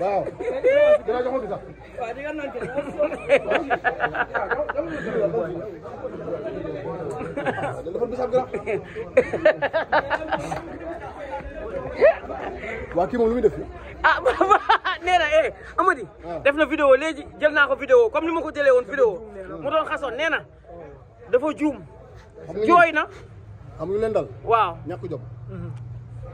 waaw. waa kii lu muy def. ah nee na eh ah. def na vidéo léegi jël naa ko vidéo comme ni ma ko jëlee woon vidéo ah. mu doon xasoon nee na dafa juum. jooy na. xam nga leen waaw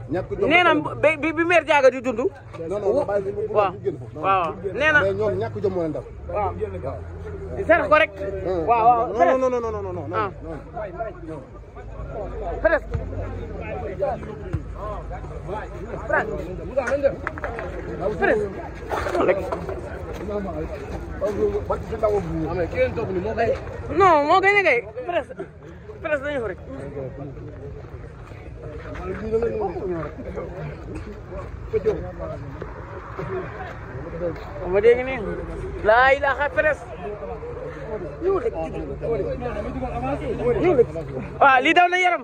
nee na bi bi maire Diaga di dund. waaw waaw waaw nee na. waaw. c'est correct. waaw waaw presque non non non non non moo gën a kay presque presque dañu ko rek. ma dégg nii laa ilaaha press waaw lii daw na yaram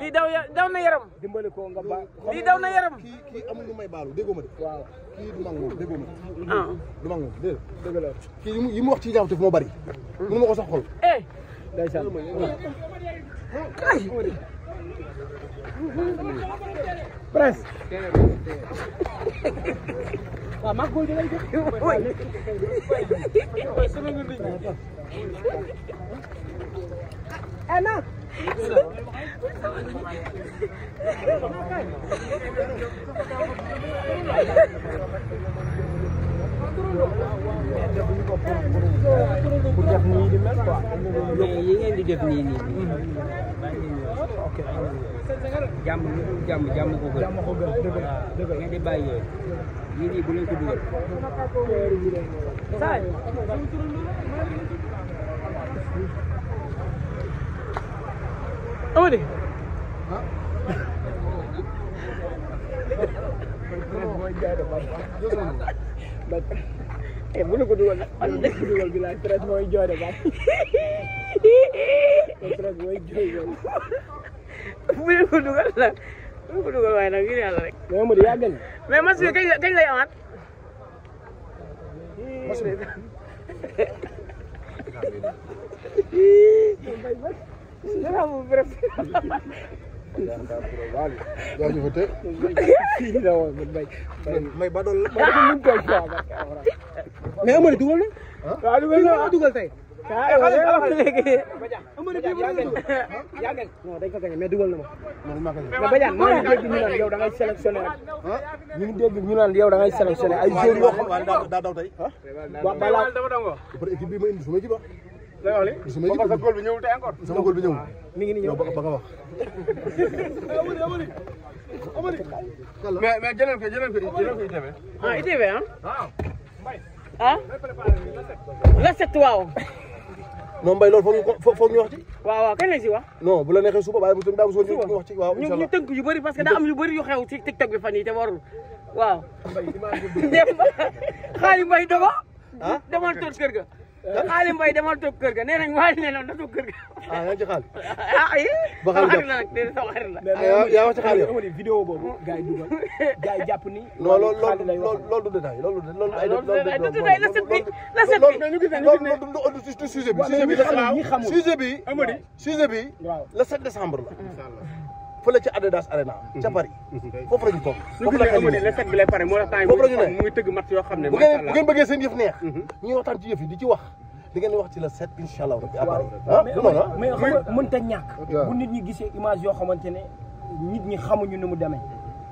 lii daw daw na yaram lii daw na yaram kii amul lu may baalu déggoo ma de kii du mangu déggoo ma du mangu dégg la kii yi mu wax ci ñaawteef moo bari mënu ma ko sax xol eh ndeysaan Presta. Ah, mas cuida aí que eu vou. É não. Porque a família é melhor. E ainda a família. ok jam jam jàmm ko gën. jàmm ko gën dëgg la dëgg la ngeen di bàyyi yooyu. yii nii bu leen ko dugal. saa yi. Amady. ah. bu leen ko dugal. bu leen ko dugal bi bu dee ko dugal la bu dee ko dugal waaye nag ngir yàlla rek. mais Amady yaa gën. mais match bi kañ la kañ lay amaat. may ba doon la. mais Amady dugal na. waaw dugal na dugal tey. non dañ ko gañe mais dugal na ma mais Badiane maa ngi dégg ñu naan yow da ngay sélectionné rek ñu ngi dégg ñu naan yow da ngay sélectionné ay joueurs yoo xam daa daw tey waaw balaa équipe bi ma indi suma équipe sama góol bi ñëwul tey encore sama góol bi ñëwul mi ngi ni ñëw ba nga wax mais mais jëlal ko jëlal ko jëlal ko ITV ah ITV ah ah la set waaw moom Mbaye loolu foog foog ñu wax ci. waaw waaw kañ lañ si wax. non bu la neexee suba waaye bu tënk daa am soo ñu wax ci waaw. incha allah ñu tënk yu bëri parce que daa am yu bëri yu xew ci TikTok bi fan yii te warul waaw. Demba xaali Mbaye dama. ah demal toog kër ga. xaali Mbaye demal toog kër ga nee nañ waa ne noonu da toog kër ga. ah yaa ngi ci xaal. ah ay. ba xaal jàpp yaa wax ci xaal yow. vidéo boobu gars yi dugal gars yi jàpp ni. non loolu loolu loolu du détail loolu loolu ay. loolu du détail la set bi la set bi surtout sujet bi sujet bi sujet bi sujet bi le 7 décembre la. fële ci Adidas Arena ca mhm. Paris mhm. foofu la ñu toog foofu la ñu ne foofu la ñu ne mu ngi tëgg match yoo xam ne bu ngeen bëggee seen yëf neex mhm. ñuy waxtaan ci yëf yi di ci wax di ngeen wax ci la set incha allah rabbi après ah, ah. mais xam nga mënta ñàkk bu nit ñi gisee image yoo xamante ne nit ñi xamuñu ni mu demee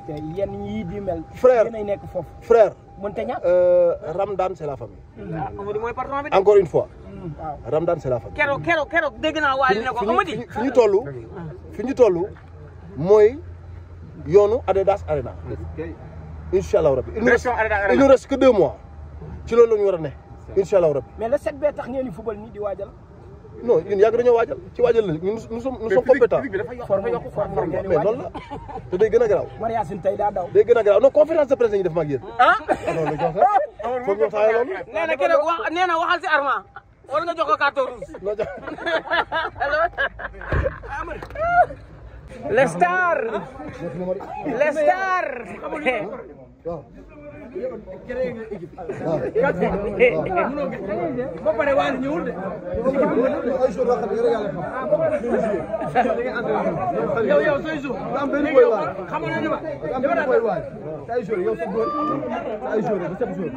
te yenn yii di mel frère nekk foofu frère mënta ñàkk. Euh, Ramdan c'est la famille. Amady mooy patron bi encore une fois. ram hmm. ah. Ramdan c'est la famille. keroog keroog dégg naa waa ne ko Amady. fi ñu toll fi ñu toll mooy yoonu Adidas Arena. incha allah rabi. direction Adidas Arena il nous reste que deux mois. ci loolu la ñu war a ne. incha allah rabi. mais le 7 di fubal nii non ñun yàgg dañoo waajal ci waajal la ñun nous sommes nous sommes compétents mais loolu la te day gën a garaaw mariage tey daa daw day gën a garaaw non conférence de presse ñu def ma ak yéen ah, ah non la jox la a ñu taxawee waxal si Armand wala nga jox ko carton rouge créé nga équipe. waaw quatre fois mënoo gis. ba pare waa ñëwul de. ay jour yoo xam ne yàlla fa. yow yow sooy jour. am benn boy waay xam nga ne ma. am benn boy waay. ay jour yow sa góor ay jour ba sept jour.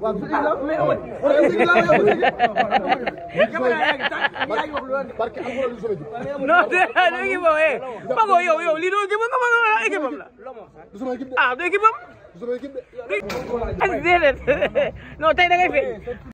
waaw su la mais amoon. barke am nga lu soo jóg. non de léegi boo eh. Pago yow yow lii doo équipe nga ma équipe am la. ah du équipe am. I did it. no, take that away.